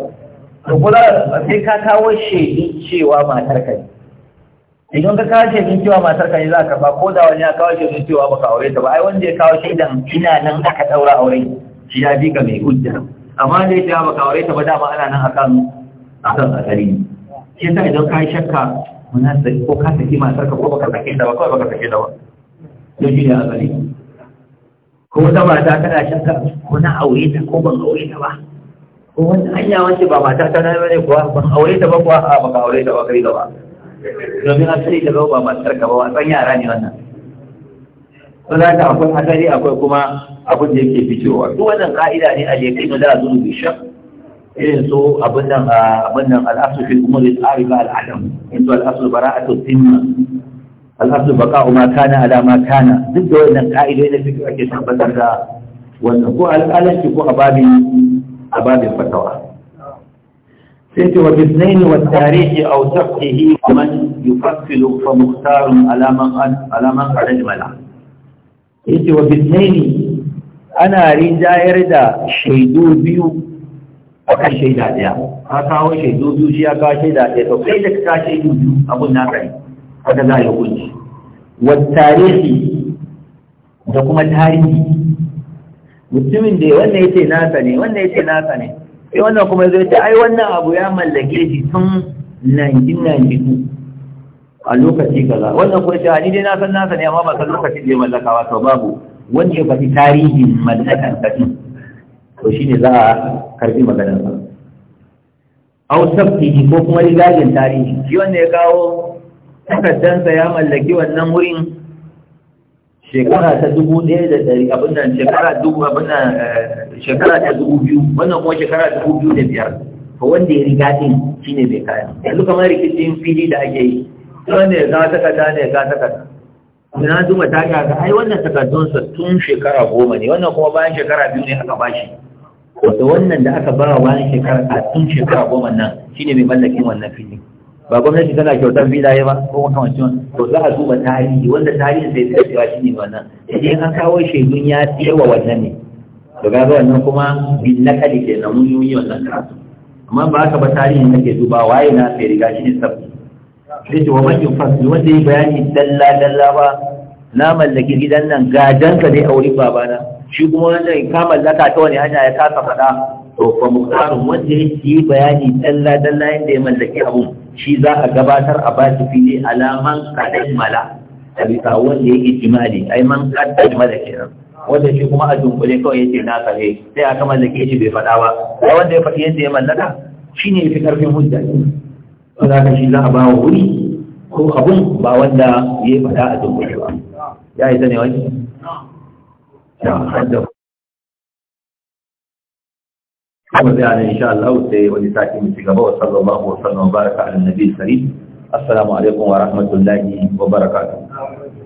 to kula sai ka kawo shaidu cewa matar ka ne idan ka kawo shaidun cewa matar ka ne za ka ba ko da wani ya kawo shaidun cewa baka aure ta ba ai wanda ya kawo shaidan ina nan aka daura aure shi ya bi ka mai hujja amma da ya baka aure ta ba dama ana nan akan akan asali shi yasa idan ka yi shakka muna sai ko ka saki matar ka ko baka saki ta ba kawai baka saki ta ba to shi ne asali ko wata mata tana shakka ko na aure ta ko ban aure ta ba ko wani hanya wacce ba matar ta na ne kuwa ban aure ta ba kuwa a baka aure ta ba kai gaba domin asali da ba matar ka ba wasan yara ne wannan to za ta akwai asali akwai kuma abin da yake fitowa duk wannan ka'ida ne a jekai na da zuru bi sha. irin su abin nan abin nan al'asu tsari umuri al'arifa al'adam in su al'asu bara'atu simma al'asu baqa'u ma kana ala ma kana duk da wannan ka'idai na fito ake tabbatar da wannan ko al'alanci ko ababin ababin fatawa sai ce wa bisnaini wa tarihi a aw tafkihi man yufassilu fa mukhtarun alaman alaman qadimala yace wa bisnaini ana rinjayar da shaidu biyu akan shaida daya ka kawo shaidu biyu shi ya kawo shaida daya to kai da ka shaidu biyu abun na kai kaga za a yi hukunci wa tarihi da kuma tarihi mutumin da wannan yace nasa ne wannan ce nasa ne sai wannan kuma zai ce ai wannan abu ya mallake shi tun 1992 a lokaci kaza wannan kuma shi hadi dai na san nasa ne amma ba san lokaci da ya mallaka ba to babu wanda ya faɗi tarihin mallakan kaji to shine za a karbi maganar sa au sabtihi ko kuma rigajin tarihi shi wanda ya kawo takaddansa ya mallaki wannan wurin shekara ta dubu ɗaya da ɗari abin nan shekara dubu abin nan eh, shekara ta dubu biyu wannan kuma shekara dubu biyu da biyar to wanda ya riga din shine mai kaya yanzu kamar rikicin fili da ake yi wanda ya ga takarda ne ya ga takarda na zuba ta ga ai wannan takardunsa tun shekara goma ne wannan kuma bayan shekara biyu ne aka bashi wato wannan da aka ba bayan shekara tun shekara goma nan shine mai mallakin wannan fili ba gwamnati tana kyautar bidaye ba ko makamancin wani to za a duba tarihi wanda tarihin sai ta cewa shi ne wannan idan an kawo shaidun ya tsewa wannan ne to ga wannan kuma bin nakali ke na mun yi wannan karatu amma ba haka ba tarihin nake duba waye na sai riga shi ne sabbi sai ce wa man yufasli wanda ya bayani dalla dalla ba na mallaki gidan nan gadanka dai aure babana shi kuma wannan ka mallaka ta wani hanya ya kasa faɗa to fa muktarun wanda ya yi bayani dalla dalla yadda ya mallaki abun shi za a gabatar a ba su fili alaman kaɗan mala a bisa wanda ya a yi man kaɗan mala kenan wanda shi kuma a dunkule kawai ya ce na kare sai aka mallake shi bai faɗa ba ai wanda ya faɗi yadda ya mallaka shi ne ya fi ƙarfin hujja ko za ka shi za a ba wa wuri ko abun ba wanda ya faɗa a dunkule ba ya yi zane wani? ya kuma zai ana insha Allah sai wani sati mu ci gaba wa sallallahu wa sallam baraka ala nabi karim assalamu alaikum wa rahmatullahi wa barakatuh